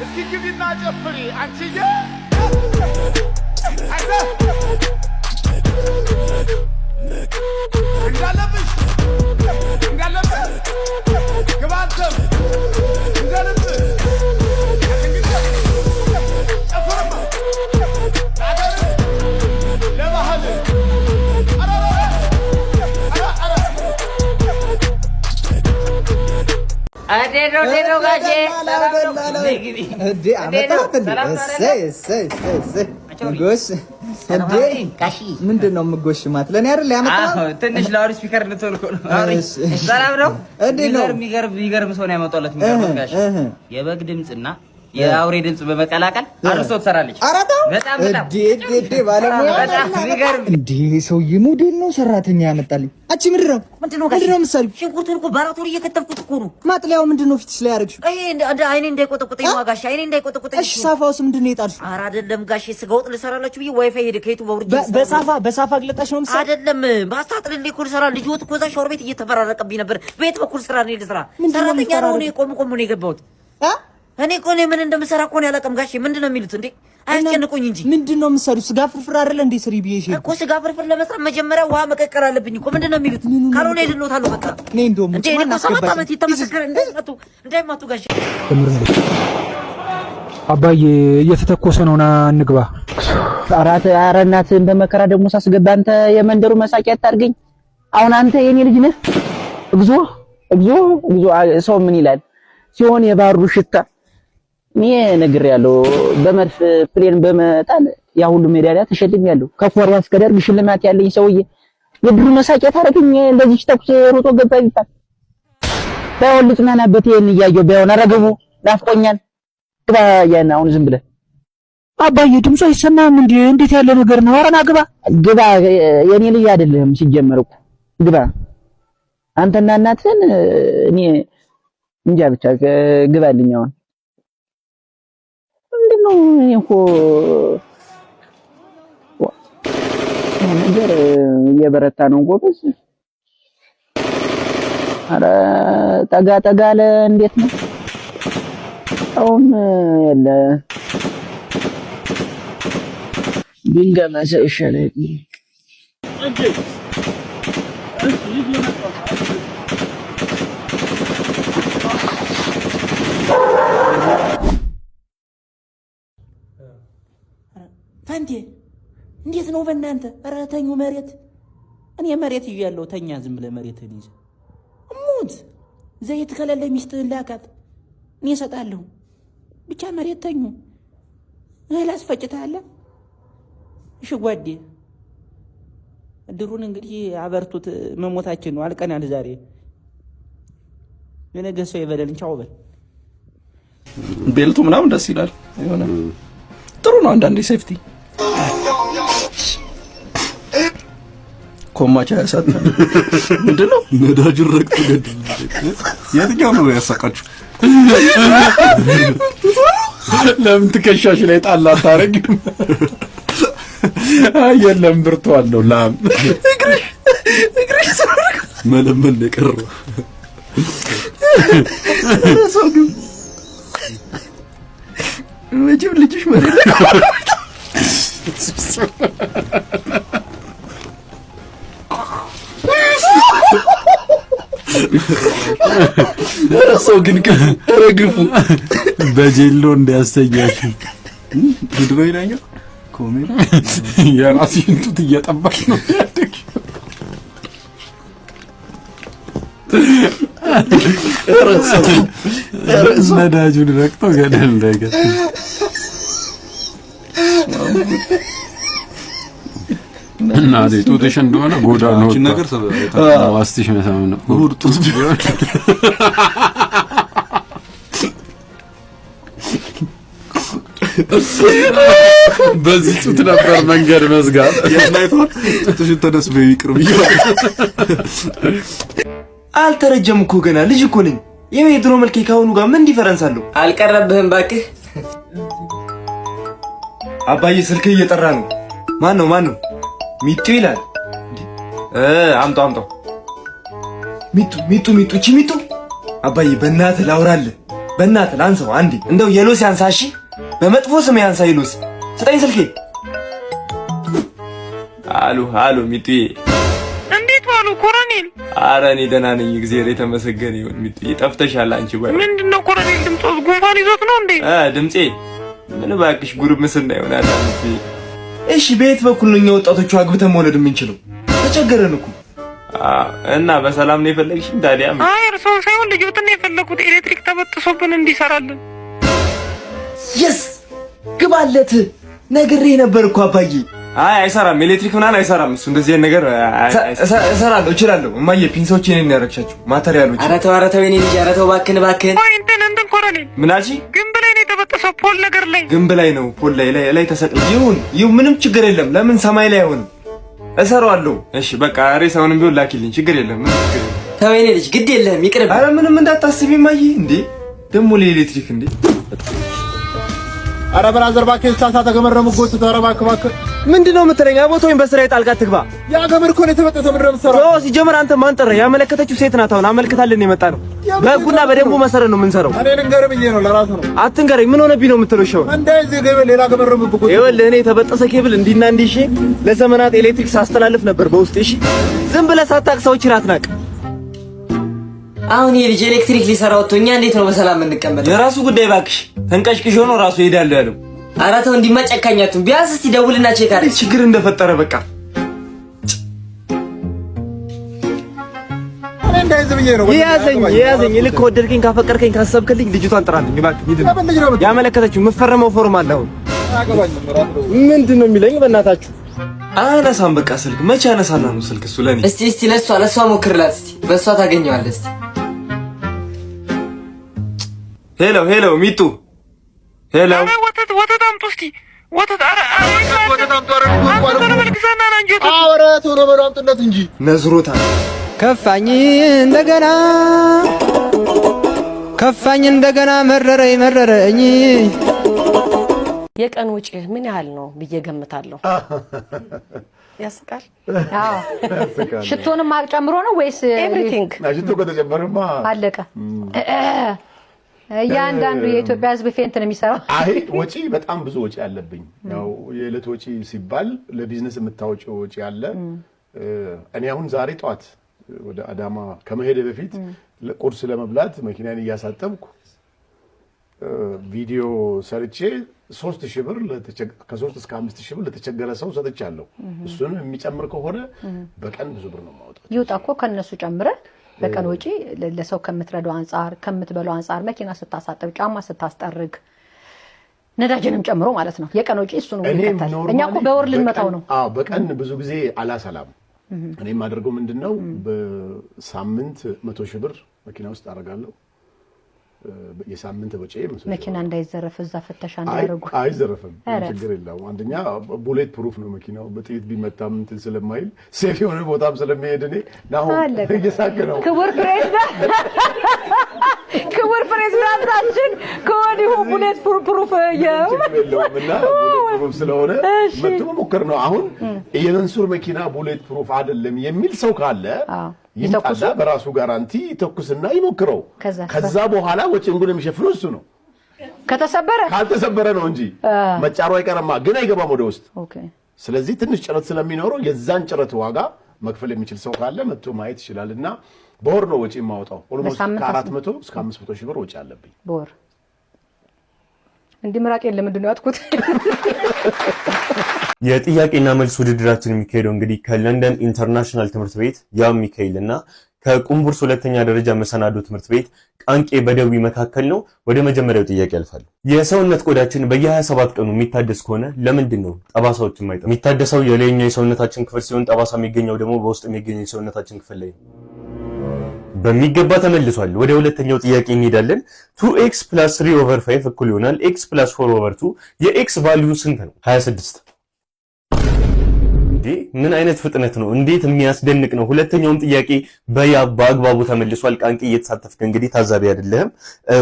Est-ce qu'il y a une majesté Un tigre Un tigre Un tigre Un tigre Un tigre Un tigre Un tigre Un tigre ምንድን ነው ማት ለእኔ አይደል ያመጣሁት። ትንሽ ላውድ ስፒከር ልትሆን ነው። ሰላም ነው። የሚገርም ሰው ነው ያመጣሁለት። የበግ ድምፅና የአውሬ ድምፅ በመቀላቀል አርሶ ትሰራለች። በጣም ሰውዬ ሞዴል ነው፣ ሰራተኛ ያመጣልኝ። አቺ ምንድን ነው ምንድን ነው ምሳሌ ሽንኩርቱን እኮ በአራት ወር እየከተፍኩት እኮ ነው። ማጥለያው ምንድን ነው ፊትሽ ላይ ያደረግሽው? አይኔ እንዳይቆጠቁጠኝ ጋሼ፣ አይኔ እንዳይቆጠቁጠኝ። እሺ ሳፋውስ ምንድን ነው የጣልሽው? ኧረ አይደለም ጋሼ፣ ስጋ ወጥ ልሰራላችሁ ብዬ ዋይፋይ ሄደ። ከየቱ በውርጅ በሳፋ በሳፋ ግለጣሽ ነው ምሳሌ? አይደለም ባስታጥልልኝ እኮ ልሰራ። ልጅ ወጥ እኮ እዛ ሻወር ቤት እየተፈራረቀብኝ ነበር። በየት በኩል ስራ ነው ልስራ? ሰራተኛ ነው እኔ። ቆም ቆም ነው የገባሁት እኔ እኮ እኔ ምን እንደምሰራ እኮ ነው ያላቀም። ጋሼ ምንድን ነው የሚሉት እንዴ? አያስጨንቁኝ እንጂ ምንድን ነው የምትሰሪው? ስጋ ፍርፍር አይደለ እንዴ? ስሪ ብዬሽ እኮ ስጋ ፍርፍር ለመስራት መጀመሪያ ውሃ መቀቀር አለብኝ እኮ። ምንድን ነው የሚሉት? ካልሆነ ይልኖታለሁ። በቃ እኔ እንደውም እንዴ እኔ ሰባት ዓመት የተመሰከረ እንዳይመቱ እንዳይመቱ። ጋሽ ጋሼ አባዬ እየተተኮሰ ነውና እንግባ። አራት ኧረ እናትህን በመከራ ደግሞ ሳስገባ አንተ የመንደሩ መሳቂያ አታድርገኝ። አሁን አንተ የኔ ልጅ ነህ። እግዚኦ እግዚኦ እግዚኦ። ሰው ምን ይላል ሲሆን የባሩ ሽታ እኔ ነግር ያለው በመድፍ ፕሌን በመጣል ያ ሁሉ ሜዳሊያ ተሸልም ያለው ከፎርባ እስከ ደርግ ሽልማት ያለኝ ሰውዬ የድሩ መሳቂያ ታረገኝ። እንደዚህ ተኩስ ሮጦ ገባ ይባል ባይሆን ልጽናናበት። ይሄን እያየሁ ባይሆን አረገቡ ናፍቆኛል። ግባ ያን አሁን ዝም ብለህ አባዬ ድምፁ አይሰማም እንዴ? እንዴት ያለ ነገር ነው? ኧረ ና ግባ ግባ። የኔ ልጅ አይደለህም ሲጀመር እኮ ግባ። አንተና እናትህን እኔ እንጃ ብቻ ግባልኝ አሁን ነው እኮ ነገር እየበረታ ነው ጎበዝ። አረ ጠጋ ጠጋ አለ። እንዴት ነው አሁን? የለ ድንገመሰ ይሻላል። ፈንቴ እንዴት ነው በእናንተ? ኧረ ተኙ መሬት። እኔ መሬት እያለሁ ተኛ። ዝም ብለህ መሬትን ይዘህ እሙት ዘይት ከሌለ ሚስትህን ላካት፣ እኔ እሰጣለሁ። ብቻ መሬት ተኙ። እህል አስፈጭተሀለን። እሺ ጓዴ፣ ድሩን እንግዲህ አበርቱት። መሞታችን ነው። አልቀናል ዛሬ። የነገ ሰው የበደልን ቻው በል። ቤልቱ ምናምን ደስ ይላል። የሆነ ጥሩ ነው አንዳንዴ ሴፍቲ ኮማቻ ያሳት ምንድን ነው? ነዳጁን ረግጡ ገድ የትኛው ነው ያሳቃችሁ? ለምን ትከሻሽ ላይ ጣል አታረጊም? የለም ብርቱ አለው ላም መለመን የቀረው መቼም ልጅሽ መሬ Jezu. ሰው ግን በጀሎ እንዲያሰኛችሁ ድድበይ ናኛው ኮሜራ የራስህን እያጠባሽ ነው ያደግ ነዳጁን ገደል እንዳይገባ እና ጡትሽ እንደሆነ ጎዳና ዋስትሽ መሳም ነው። እሑድ ጡት ቢሆን በዚህ ጡት ነበር መንገድ መዝጋት። የናይቷን ጡትሽን ተነስ ይቅር ብዬ አልተረጀም እኮ ገና ልጅ እኮ ነኝ። ይኸው የድሮ መልኬ ከአሁኑ ጋር ምን ዲፈረንስ አለው? አልቀረብህም እባክህ። አባዬ ስልክ እየጠራ ነው። ማን ነው? ማን ነው? ሚጡ ይላል። አምጦ አምጦ ሚጡ ሚጡ ሚጡ እቺ ሚጡ አባዬ፣ በእናት ላውራል፣ በእናት ላንሰው አንዴ። እንደው የሎስ ያንሳ፣ እሺ፣ በመጥፎ ስም ያንሳ። የሎሲ ስጠኝ ስልኬ። አሉ አሉ ሚጡዬ፣ እንዴት ዋሉ ኮሎኔል? ኧረ እኔ ደህና ነኝ፣ እግዚአብሔር የተመሰገነ ይሁን። ሚጡዬ ጠፍተሻል አንቺ። ባይ ምንድን ነው ኮሎኔል፣ ድምፆ ጉንፋን ይዞት ነው እንዴ? አ ድምጼ ምን እባክሽ ጉርምስና ይሆናል አንቺ እሺ በየት በኩል ነው እኛ ወጣቶቹ አግብተን መውለድ የምንችለው? ተቸገረን እኮ እና በሰላም ነው የፈለግሽኝ? ታዲያ አይ እርሶ ሳይሆን ልጆትን የፈለኩት ኤሌክትሪክ ተበጥሶብን እንዲሰራልን። የስ ግባለት ነግሬ ነበር እኮ አባዬ። አይ አይሰራም፣ ኤሌክትሪክ ምናምን አይሰራም። እሱ እንደዚህ ነገር እሰራለሁ፣ እችላለሁ። እማዬ ፒንሶች እኔን ነው ያረግሻቸው ማተሪያሎች። ኧረ ተው፣ ኧረ ልጅ፣ ኧረ ባክን ባክን። እባክህን። ቆይ እንትን እንትን ኮረኔ ምን አልሽኝ? የደረሰው ፖል ነገር ላይ ግንብ ላይ ነው። ፖል ላይ ላይ ላይ ተሰቅሎ ይሁን ይሁን፣ ምንም ችግር የለም። ለምን ሰማይ ላይ አይሆንም? እሰራዋለሁ። እሺ በቃ ሬሳውንም ቢሆን ላኪልኝ፣ ችግር የለም። ምን ችግር ተወይኔ ልጅ ግድ የለህም፣ ይቅርብ። አረ ምንም እንዳታስብ ማይ። እንዴ ደግሞ ለኤሌክትሪክ እንዴ ኧረ ብራዘር እባክህ ተሳሳተ ገመር ጎት የምትጎትተው። ኧረ እባክህ እባክህ፣ ምንድን ነው የምትለኝ? አቦት ወይም በስራዬ ጣልቃ ትግባ። ያ ገመር እኮ ነው የተበጠሰው። ምንድን ነው የምትሰራው? ሲጀመር አንተ ማን ጠራህ? ያመለከተችው ሴት ናት። አሁን አመልክታለን የመጣ ነው። በሕጉና በደንቡ መሰረት ነው የምንሰራው። እኔ ልንገርህ ብዬ ነው። ለራሱ ነው። አትንገረኝ። ምን ሆነብኝ ነው የምትለው? ሸው እንደዚህ ገበል ሌላ ገመረሙ ነው የምትጎትተው። ይኸውልህ እኔ የተበጠሰ ኬብል እንዲና እንዲህ፣ እሺ፣ ለዘመናት ኤሌክትሪክ ሳስተላልፍ ነበር በውስጥ እሺ። ዝም ብለህ ሳታውቅ ሰዎች ናት ናቅ አሁን የልጅ ኤሌክትሪክ ሊሰራ ወጥቶ እኛ እንዴት ነው በሰላም እንቀመጥ? የራሱ ጉዳይ ባክሽ። ተንቀሽቅሽ ሆኖ ራሱ እሄዳለሁ ያለው። ኧረ ተው እንዲማ ጨካኛቱን። ቢያንስ እስቲ ደውልና ቼክ አድርግ ችግር እንደፈጠረ በቃ የያዘኝ የያዘኝ ልክ ወደድከኝ ካፈቀርከኝ ካሰብክልኝ ልጅቷን ጥራልኝ እባክህ። ያመለከተችው የምትፈርመው ፎርም አለ። አሁን ምንድን ነው የሚለኝ? በእናታችሁ አነሳም በቃ ስልክ መቼ አነሳና ነው ስልክ እሱ ለእኔ። እስቲ እስቲ ለእሷ ለእሷ ሞክርላት እስቲ፣ በእሷ ታገኘዋለህ እስቲ ሄሎ ሄሎ፣ ሚጡ ሄሎ፣ ወተት ወተት አምጡ እስቲ ከፋኝ እንደገና ከፋኝ እንደገና መረረኝ መረረኝ። የቀን ውጪ ምን ያህል ነው ብዬ ገምታለሁ። ያስቃል። ሽቶንም ጨምሮ ነው ወይስ ኤቭሪቲንግ? ሽቶ ከተጨመረማ አለቀ። እያንዳንዱ የኢትዮጵያ ህዝብ ፌንት ነው የሚሰራው። አይ ወጪ በጣም ብዙ ወጪ አለብኝ። ያው የዕለት ወጪ ሲባል ለቢዝነስ የምታወጪው ወጪ አለ። እኔ አሁን ዛሬ ጠዋት ወደ አዳማ ከመሄድ በፊት ቁርስ ለመብላት መኪናን እያሳጠብኩ ቪዲዮ ሰርቼ ሶስት ሺህ ብር ከሶስት እስከ አምስት ሺህ ብር ለተቸገረ ሰው ሰጥቻለሁ። እሱንም የሚጨምር ከሆነ በቀን ብዙ ብር ነው ማውጣት። ይውጣ እኮ ጨምረ በቀን ወጪ ለሰው ከምትረዳው አንጻር ከምትበለው አንጻር መኪና ስታሳጥብ፣ ጫማ ስታስጠርግ፣ ነዳጅንም ጨምሮ ማለት ነው። የቀን ወጪ እሱ ነው። እኛ በወር ልንመታው ነው። በቀን ብዙ ጊዜ አላሰላም። እኔ የማደርገው ምንድን ነው፣ በሳምንት መቶ ሺህ ብር መኪና ውስጥ አደርጋለሁ። የሳምንት ወጪ መኪና እንዳይዘረፍ እዛ ፍተሻ እንዳያደርጉ። አይዘረፍም፣ ችግር የለውም። አንደኛ ቡሌት ፕሩፍ ነው መኪናው በጥይት ቢመታም እንትን ስለማይል ሴፍ የሆነ ቦታም ስለሚሄድ እኔ ናሁን እየሳቅ ነው። ክቡር ክቡር ፕሬዚዳንታችን ከወዲሁ ቡሌት ፕሩፍ የለውም ስለሆነ መቶ መሞከር ነው። አሁን የመንሱር መኪና ቡሌት ፕሩፍ አይደለም የሚል ሰው ካለ ይምጣና በራሱ ጋራንቲ ይተኩስና ይሞክረው። ከዛ በኋላ ወጭንጉን የሚሸፍነው እሱ ነው። ከተሰበረ ካልተሰበረ ነው እንጂ መጫሩ አይቀርማ፣ ግን አይገባም ወደ ውስጥ። ስለዚህ ትንሽ ጭረት ስለሚኖረው የዛን ጭረት ዋጋ መክፈል የሚችል ሰው ካለ መጥቶ ማየት ይችላል። እና በወር ነው ወጪ የማወጣው። ኦልሞስት ከአራት መቶ እስከ አምስት መቶ ሺህ ብር ወጪ አለብኝ በወር። እንዲህ ምራቄን ለምንድን ነው ያትኩት? የጥያቄና መልስ ውድድራችን የሚካሄደው እንግዲህ ከለንደን ኢንተርናሽናል ትምህርት ቤት ያ ሚካኤል እና ከቁምቡርስ ሁለተኛ ደረጃ መሰናዶ ትምህርት ቤት ቃንቄ በደዊ መካከል ነው። ወደ መጀመሪያው ጥያቄ ያልፋሉ። የሰውነት ቆዳችን በየ27 ቀኑ የሚታደስ ከሆነ ለምንድን ነው ጠባሳዎች የማይጠ የሚታደሰው የላይኛው የሰውነታችን ክፍል ሲሆን ጠባሳ የሚገኘው ደግሞ በውስጥ የሚገኘው የሰውነታችን ክፍል ላይ ነው። በሚገባ ተመልሷል። ወደ ሁለተኛው ጥያቄ እንሄዳለን። ቱ ኤክስ ፕላስ 3 ኦቨር 5 እኩል ይሆናል ኤክስ ፕላስ 4 ኦቨር 2 የኤክስ ቫልዩ ስንት ነው? 26 እንዴ ምን አይነት ፍጥነት ነው! እንዴት የሚያስደንቅ ነው! ሁለተኛውም ጥያቄ በያ በአግባቡ ተመልሷል። ቃንቂ እየተሳተፍክ እንግዲህ ታዛቢ አይደለህም።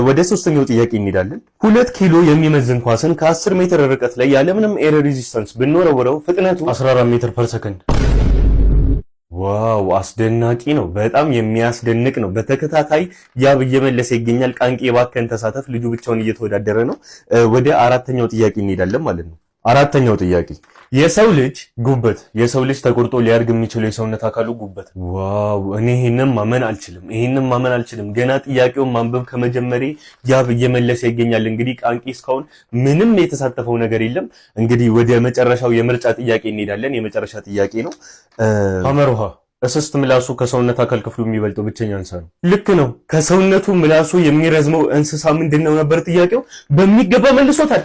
ወደ ሶስተኛው ጥያቄ እንሄዳለን። ሁለት ኪሎ የሚመዝን ኳስን ከ10 ሜትር ርቀት ላይ ያለምንም ኤር ሬዚስተንስ ብንወረውረው ፍጥነቱ 14 ሜትር ፐር ሰከንድ። ዋው አስደናቂ ነው። በጣም የሚያስደንቅ ነው። በተከታታይ ያብ እየመለሰ ይገኛል። ቃንቂ እባክህን ተሳተፍ። ልጁ ብቻውን እየተወዳደረ ነው። ወደ አራተኛው ጥያቄ እንሄዳለን ማለት ነው። አራተኛው ጥያቄ የሰው ልጅ ጉበት የሰው ልጅ ተቆርጦ ሊያድግ የሚችለው የሰውነት አካሉ ጉበት። ዋው እኔ ይሄንን ማመን አልችልም፣ ይሄንን ማመን አልችልም። ገና ጥያቄውን ማንበብ ከመጀመሬ ያብ እየመለሰ ይገኛል። እንግዲህ ቃንቂ እስካሁን ምንም የተሳተፈው ነገር የለም። እንግዲህ ወደ መጨረሻው የምርጫ ጥያቄ እንሄዳለን። የመጨረሻ ጥያቄ ነው። አመርሃ እስስት ምላሱ ከሰውነት አካል ክፍሉ የሚበልጠው ብቸኛ እንስሳ ነው። ልክ ነው። ከሰውነቱ ምላሱ የሚረዝመው እንስሳ ምንድን ነው ነበር ጥያቄው። በሚገባ መልሶታል።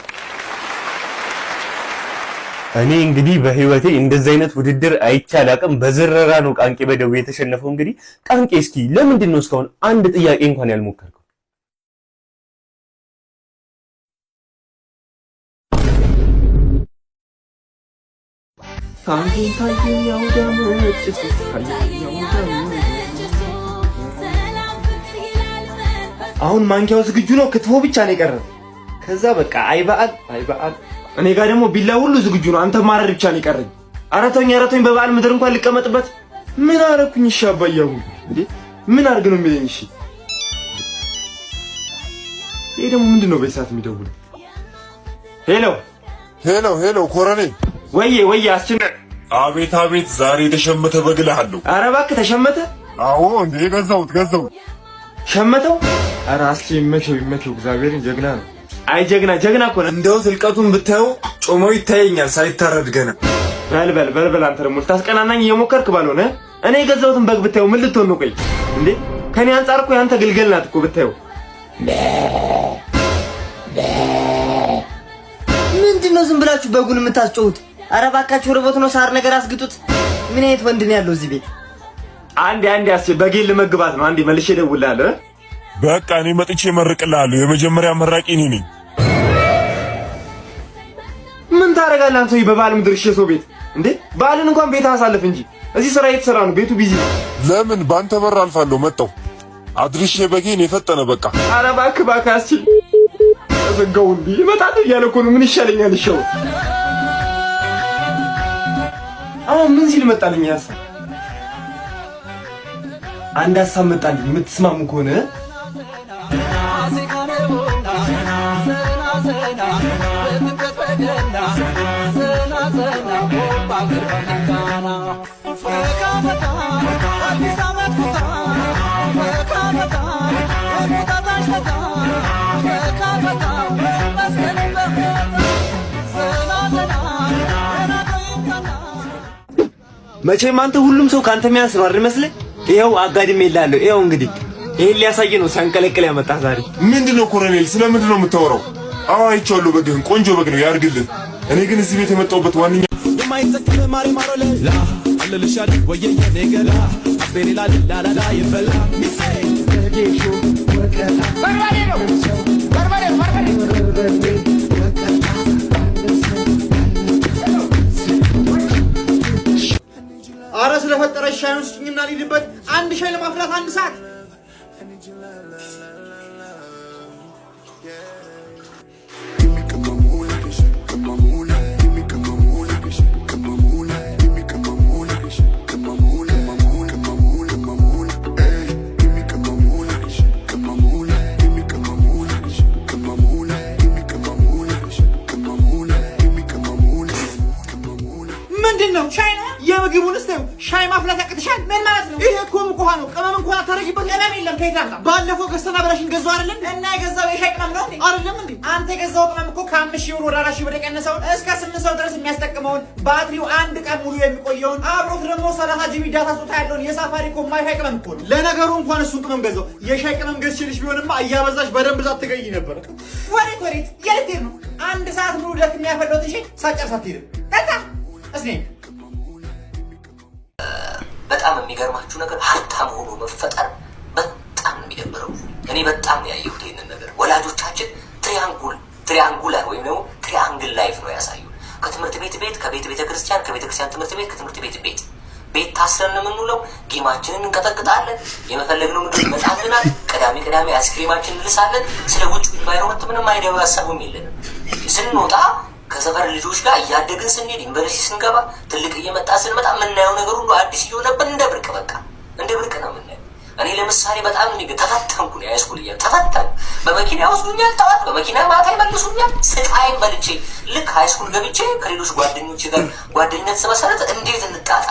እኔ እንግዲህ በህይወቴ እንደዚህ አይነት ውድድር አይቼ አላቅም። በዝረራ ነው ቃንቄ በደቡብ የተሸነፈው። እንግዲህ ቃንቄ፣ እስኪ ለምንድን ነው እስካሁን አንድ ጥያቄ እንኳን ያልሞከርከው? አሁን ማንኪያው ዝግጁ ነው። ክትፎ ብቻ ነው የቀረው። ከዛ በቃ አይ በዓል እኔ ጋር ደግሞ ቢላ ሁሉ ዝግጁ ነው። አንተ ማረር ብቻ ነው የቀረኝ። አረተኝ አረተኝ፣ በበዓል ምድር እንኳን ልቀመጥበት። ምን አረኩኝ? እሺ አባዬ እንዴ ምን አርግ ነው የሚለኝ? እሺ ይሄ ደግሞ ምንድን ነው? በሰዓት የሚደውል ሄሎ፣ ሄሎ፣ ሄሎ። ኮረኔል ወዬ፣ ወዬ፣ አስችነ። አቤት፣ አቤት። ዛሬ የተሸመተ በግ እልሃለሁ። ኧረ እባክህ ተሸመተ? አዎ እንዴ፣ ገዛሁት፣ ገዛሁት። ሸመተው? ኧረ አስችኝ፣ ይመቸው፣ ይመቸው። እግዚአብሔርን ጀግና ነው። አይ ጀግና ጀግና እኮ ነው። እንደው ስልቀቱን ብታየው ጮሞ ይታየኛል ሳይታረድ ገና። በል በል በል በል አንተ ደግሞ ልታስቀናናኝ እየሞከርክ ባልሆነ እኔ የገዛሁትን በግ ብታየው ምን ልትሆን ነው? ቆይ እንዴ ከኔ አንጻር እኮ ያንተ ግልገል ናት እኮ ብታየው። ምንድን ነው ዝም ብላችሁ በጉን የምታስጮሁት? ኧረ እባካችሁ ርቦት ነው ሳር ነገር አስግጡት። ምን አይነት ወንድ ነው ያለው እዚህ ቤት? አንዴ አንዴ አስ በጌል ልመግባት ነው። አንዴ መልሼ እደውልልሃለሁ። በቃ እኔ መጥቼ እመርቅልሃለሁ። የመጀመሪያ መራቂ እኔ ነኝ። ታደርጋለህ አንተ? በባል ምድር እሺ፣ ሰው ቤት እንዴ ባልን እንኳን ቤት አሳልፍ እንጂ እዚህ ስራ እየተሰራ ነው። ቤቱ ቢዚ ለምን ባንተ በር አልፋለሁ። መጣው አድርሼ በጌን የፈጠነ በቃ። ኧረ እባክህ እባክህ እንዴ ይመጣል እያለ እኮ ነው። ምን ይሻለኛል? ይሻው አሁን ምን ሲል መጣልኝ? ያሳ አንድ ሀሳብ መጣልኝ። የምትስማሙ ከሆነ መቼ ዘና አዲስ መቼም አንተ ሁሉም ሰው ካንተ የሚያንስ ነው አይደል? መስለህ ይኸው አጋድሜልሃለሁ። ይኸው እንግዲህ ይሄን ሊያሳይ ነው ሲያንቀለቅል ያመጣህ ዛሬ። ምንድን ነው ኮሎኔል፣ ስለምንድን ነው የምታወራው? አዎ አይቼዋለሁ። በግህን ቆንጆ በግ ነው ያርግልን። እኔ ግን እዚህ ቤት የመጣሁበት ዋንኛ የማይተክል ማሪ ማሮለ ላ አለልሻል ወየየ ነገላ አቤሌላ ላላላ ይበላ ምንድን ነው ሻይና? የምግቡንስ ነው ሻይ ማፍላት ያቅትሻል? ምን ማለት ነው? ይሄ እኮ ሙቅ ነው። ቅመም እንኳን አታረጊበት። ቅመም የለም። ከየት አምጣ? ባለፈው ገዝተና ብለሽን ገዛው አይደለም እና የገዛው የሻይ ቅመም ነው አይደለም እንዴ? አንተ የገዛው ቅመም እኮ ከአምስት ሺህ ብር ወደ አራት ሺህ ብር የቀነሰውን እስከ ስምንት ሰው ድረስ የሚያስጠቅመውን ባትሪው አንድ ቀን ሙሉ የሚቆየውን አብሮት ደግሞ ሰላሳ ጂቢ ዳታ ሶታ ያለውን የሳፋሪ ኮም ሻይ ቅመም እኮ ነው። ለነገሩ እንኳን እሱን ቅመም ገዛው። የሻይ ቅመም ገዝቼልሽ ቢሆንማ እያበዛሽ በደንብ ዛት ትገኝ ነበር። ወሬት ወሬት የልቴ ነው? አንድ ሰዓት ሙሉ ለት የሚያፈለውት እሺ ሳጨርሳት ሄድም በጣም የሚገርማችሁ ነገር ሀብታም ሆኖ መፈጠር በጣም የሚደብረው እኔ በጣም ነው ያየሁት ይህንን ነገር። ወላጆቻችን ትሪያንጉል ትሪያንጉላር ወይም ደግሞ ትሪያንግል ላይፍ ነው ያሳዩ። ከትምህርት ቤት ቤት፣ ከቤት ቤተ ክርስቲያን፣ ከቤተ ክርስቲያን ትምህርት ቤት፣ ከትምህርት ቤት ቤት ቤት ታስረን የምንውለው ጌማችንን እንቀጠቅጣለን። የመፈለግነው ምግብ ይመጣልናል። ቅዳሜ ቅዳሜ አይስክሪማችን እንልሳለን። ስለ ውጭ ኢንቫይሮመንት ምንም አይደው ያሰቡም የለንም ስንወጣ ከሰፈር ልጆች ጋር እያደግን ስንሄድ ዩኒቨርሲቲ ስንገባ ትልቅ እየመጣ ስንመጣ የምናየው ነገር ሁሉ አዲስ እየሆነብን እንደ ብርቅ በቃ እንደ ብርቅ ነው የምናየው። እኔ ለምሳሌ በጣም ኒ ተፈተንኩ ነው ሃይስኩል እያለ ተፈተንኩ። በመኪና ይወስዱኛል ጠዋት፣ በመኪና ማታ ይመልሱኛል። ስቃይን በልቼ ልክ ሃይስኩል ገብቼ ከሌሎች ጓደኞች ጋር ጓደኝነት ስመሰረት እንዴት እንጣጣ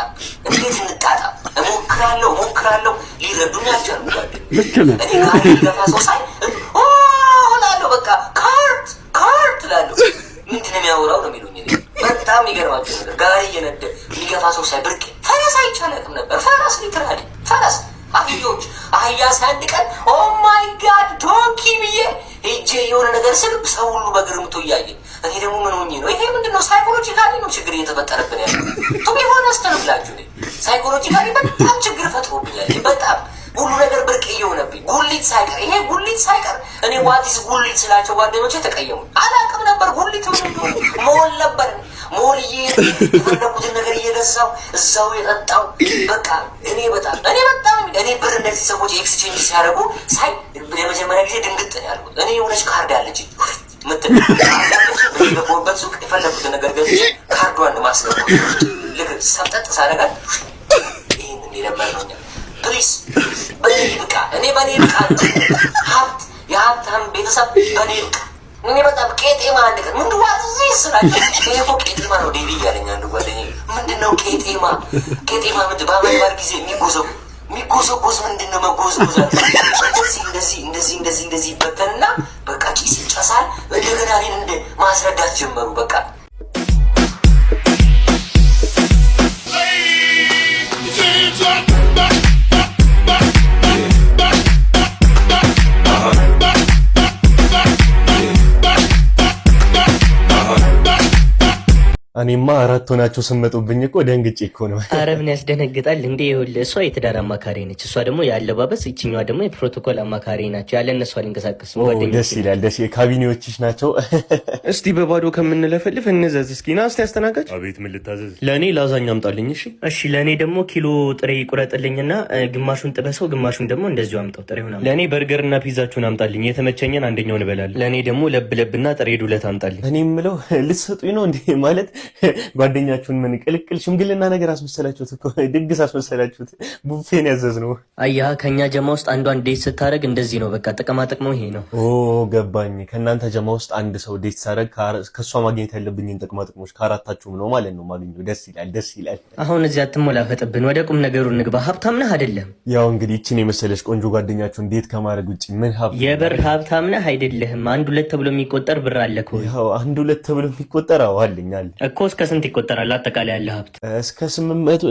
እንዴት እንጣጣ እሞክራለሁ እሞክራለሁ። ሊረዱኝ አልቻሉ ጓደኞች። እኔ ጋር ሰው ሳይ ሆናለሁ በቃ ካርት ካርት ላለሁ ምንድን ነው የሚያወራው ነው የሚሉኝ። በጣም የሚገርማቸው ነገር ጋሪ እየነደ የሚገፋ ሰው ሳይ ብርቅ ፈረስ አይቻለቅም ነበር። ፈረስ ሊትራሊ ፈረስ አህዮች አህያ ሳያንድቀን ኦማይ ጋድ ዶንኪ ብዬ እጄ የሆነ ነገር ስል ሰው ሁሉ በግርምቶ እያየ እኔ ደግሞ ምን ሆኜ ነው? ይሄ ምንድን ነው? ሳይኮሎጂካሊ ነው ችግር እየተፈጠረብን ያለ ቱም የሆነ ስተንብላችሁ ሳይኮሎጂካሊ በጣም ችግር ፈጥሮብኛል። በጣም ሁሉ ነገር ብርቅ እየሆነብኝ ጉሊት ሳይቀር ይሄ ጉሊት ሳይቀር እኔ ዋቲስ ጉሊት ስላቸው ጓደኞቼ ተቀየሙ። አላቅም ነበር ጉሊት መሆን ነበር መሆንዬ የፈለኩትን ነገር እየገዛው እዛው የጠጣው በቃ እኔ በጣም እኔ በጣም እኔ ብር እነዚህ ሰዎች ኤክስቼንጅ ሲያደርጉ ሳይ የመጀመሪያ ጊዜ ድንግጥ ነው ያልኩት። እኔ የሆነች ካርድ አለች ምትልበት ሱቅ የፈለኩትን ነገር ገዝቼ ካርዷን ማስገባ ልክ ሰብጠጥ ሳደርጋት ይህን እንዲለመር ነው ፕሊስ በኔ ይብቃ። እኔ በኔ ይብቃ። ሀብት የሀብታም ቤተሰብ በኔ ይብቃ። እኔ በጣም ቄጤማ አንድ ቀን ምንድን ነው እዚህ ስራ ይሄ እኮ ቄጤማ ነው ዴቪ እያለኝ አንዱ ጓደኛዬ ምንድን ነው ቄጤማ ቄጤማ ምንድን በአመድባር ጊዜ የሚጎዘው የሚጎዘጎዝ ምንድን ነው መጎዘጎዝ እንደዚህ እንደዚህ እንደዚህ እንደዚህ ይበተንና በቃ ቂስ ይጨሳል እንደገና እኔን እንደ ማስረዳት ጀመሩ በቃ እኔማ አራት ሆናችሁ ስመጡብኝ እኮ ደንግጬ እኮ ነው። አረ ምን ያስደነግጣል እንዴ! ይኸውልህ እሷ የትዳር አማካሪ ነች፣ እሷ ደግሞ የአለባበስ፣ ይችኛዋ ደግሞ የፕሮቶኮል አማካሪ ናቸው። ያለ እነሷ ሊንቀሳቀስ ደስ ይላል። ደስ ካቢኔዎችሽ ናቸው። እስቲ በባዶ ከምንለፈልፍ እንዘዝ እስኪ። ና እስቲ አስተናጋጅ። አቤት፣ ምን ልታዘዝ? ለእኔ ላዛኝ አምጣልኝ። እሺ፣ እሺ። ለእኔ ደግሞ ኪሎ ጥሬ ቁረጥልኝና ግማሹን ጥበሰው፣ ግማሹን ደግሞ እንደዚሁ አምጣው። ጥሬ ሆና። ለእኔ በርገርና ፒዛችሁን አምጣልኝ። የተመቸኝን አንደኛውን እበላለሁ። ለእኔ ደግሞ ለብ ለብና ጥሬ ዱለት አምጣልኝ። እኔ የምለው ልትሰጡኝ ነው እንዴ ማለት ጓደኛችሁን ምን ቅልቅል ሽምግልና ነገር አስመሰላችሁት ድግስ አስመሰላችሁት። ቡፌን ያዘዝ ነው። አያ ከእኛ ጀማ ውስጥ አንዷን ዴት ስታደረግ እንደዚህ ነው። በቃ ጥቅማ ጥቅመው ይሄ ነው። ኦ ገባኝ። ከእናንተ ጀማ ውስጥ አንድ ሰው ዴት ሳደረግ ከእሷ ማግኘት ያለብኝን ጥቅማ ጥቅሞች ከአራታችሁም ነው ማለት ነው ማግኘው። ደስ ይላል፣ ደስ ይላል። አሁን እዚህ አትሞላፈጥብን፣ ወደ ቁም ነገሩ እንግባ። ሀብታም ነህ አይደለም? ያው እንግዲህ ይችን የመሰለች ቆንጆ ጓደኛችሁን ዴት ከማድረግ ውጭ ምን ሀብት የብር ሀብታም ነህ አይደለህም? አንድ ሁለት ተብሎ የሚቆጠር ብር አለ እኮ። አንድ ሁለት ተብሎ የሚቆጠር አዋልኛል እኮ እስከ ስንት ይቆጠራል? አጠቃላይ ያለ ሀብት እስከ ስምንት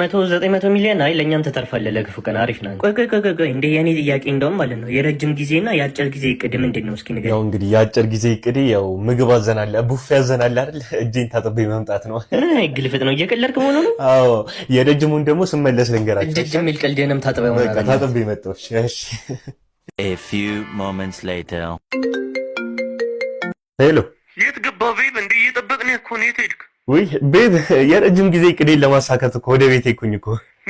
መቶ ዘጠኝ መቶ ሚሊዮን። አይ ለእኛም ተተርፋለ ለግፉ ቀን አሪፍ ና። ቆይ ቆይ ቆይ ቆይ እንደ የኔ ጥያቄ እንደውም ማለት ነው የረጅም ጊዜ ና የአጭር ጊዜ እቅድ ምንድን ነው? እስኪ ንገረኝ። ያው እንግዲህ የአጭር ጊዜ እቅድ ያው ምግብ አዘናለ ቡፌ አዘናለ አይደል እጄን ታጥቤ መምጣት ነው። ግልፍጥ ነው እየቀለድክ መሆኑ ነው። አዎ የረጅሙን ደግሞ ስመለስ ልንገራቸው። ድጅ የሚል ቀልድንም ታጥበ ታጥቤ መጣች። ሄሎ የት ገባ ቤብ? እንደ እየጠበቅን እኮ ነው። የት ሄድክ? ወይ ቤብ፣ የረጅም ጊዜ ቅዴን ለማሳካት እኮ ወደ ቤቴ ኩኝ እኮ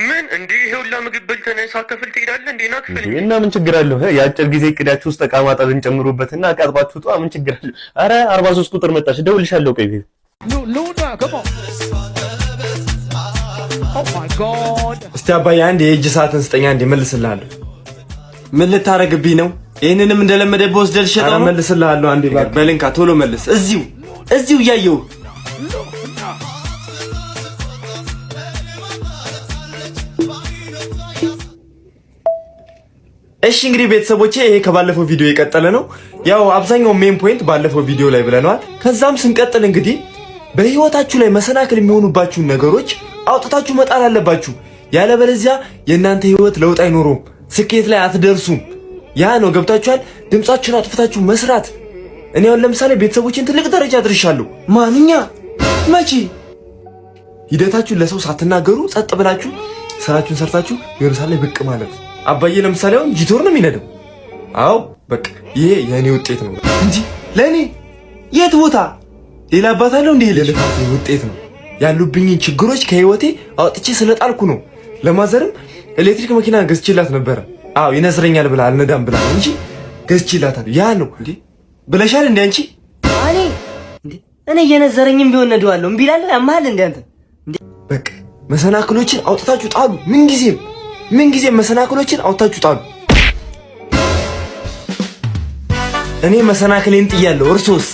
ምን እንዴ ይሄ ሁላ ምግብ በልተህ ነው ሳከፍል ትሄዳለህ እንዴ? ና ክፍል እና ምን ችግር አለው? የአጭር ጊዜ እቅዳችሁ ውስጥ እቃ ማጠብን ጨምሩበትና እቃ አጥባችሁ ጧ። ምን ችግር አለው? አረ 43 ቁጥር መጣች፣ እደውልልሻለሁ። ቆይ ቤብ oh እስቲ አባዬ አንድ የእጅ ሰዓትን ስጠኛ እንዲመልስልሃለሁ። ምን ልታረግብኝ ነው? ይህንንም እንደለመደ ቦስ ልሸጠው ነው። መልስልሃለሁ። አንዴ በልንካ ቶሎ መልስ። እዚሁ እዚሁ እያየሁ እሺ እንግዲህ ቤተሰቦቼ ይሄ ከባለፈው ቪዲዮ የቀጠለ ነው። ያው አብዛኛው ሜን ፖይንት ባለፈው ቪዲዮ ላይ ብለነዋል። ከዛም ስንቀጥል እንግዲህ በህይወታችሁ ላይ መሰናክል የሚሆኑባችሁን ነገሮች አውጥታችሁ መጣል አለባችሁ። ያለበለዚያ የእናንተ ህይወት ለውጥ አይኖረውም፣ ስኬት ላይ አትደርሱም። ያ ነው ገብታችኋል። ድምጻችሁን አጥፍታችሁ መስራት። እኔ አሁን ለምሳሌ ቤተሰቦችን ትልቅ ደረጃ አድርሻለሁ። ማንኛ መቼ ሂደታችሁን ለሰው ሳትናገሩ ጸጥ ብላችሁ ስራችሁን ሰርታችሁ የምሳሌ ብቅ ማለት። አባዬ ለምሳሌ አሁን ጂቶር ነው የሚነደው። አዎ በቃ ይሄ የእኔ ውጤት ነው እንጂ ለእኔ የት ቦታ ሌላ አባት አለው እንዴ? ለልፋት ውጤት ነው። ያሉብኝን ችግሮች ከህይወቴ አውጥቼ ስለጣልኩ ነው። ለማዘርም ኤሌክትሪክ መኪና ገዝቼላት ነበረ። አዎ ይነስረኛል ብላ አልነዳም ብላ እንጂ ገዝቼ እላታለሁ። ያ ነው እንዴ ብለሻል እንዴ አንቺ? እኔ እኔ እየነዘረኝም ቢሆን ነደዋለሁ። እምቢ እላለሁ። ያመሃል እንዴ አንተ? በቃ መሰናክሎችን አውጥታችሁ ጣሉ። ምን ጊዜም ምን ምንጊዜም መሰናክሎችን አውጥታችሁ ጣሉ። እኔ መሰናክሌን ጥያለሁ። እርሶስ?